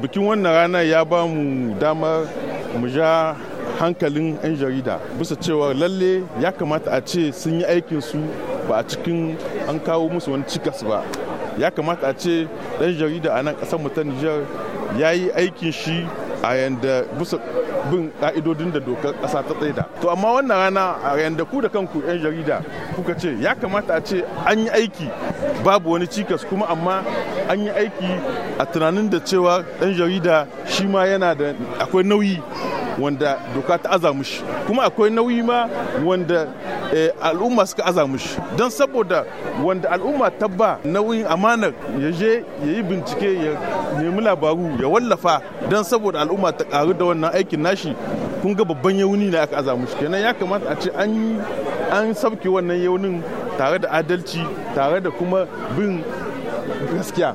bikin wannan rana ya ba mu damar mu ja hankalin 'yan jarida bisa cewa lalle ya kamata a ce sun yi aikinsu ba a cikin an kawo musu wani cikas ba ya kamata a ce ɗan jarida a nan ƙasar ta nijar ya yi aikin shi a yanda bisa bin ka'idodin da dokar ƙasa ta tsaida to amma wannan rana a yanda ku da kanku 'yan jarida kuka ce ya kamata a ce an yi aiki babu wani cikas kuma amma an yi aiki a tunanin da cewa ɗan jarida shi ma yana da akwai nauyi wanda doka ta aza mushi kuma akwai nauyi ma wanda eh, al'umma suka aza mushi don saboda wanda al'umma ta ba nauyin amanar ya je ya yi bincike ya nemi labaru ya wallafa don saboda al'umma ta karu da wannan aikin nashi kun ga babban yauni ne aka aza mushi kenan ya kamata a ce an sabke wannan yaunin tare da adalci tare da kuma bin gaskiya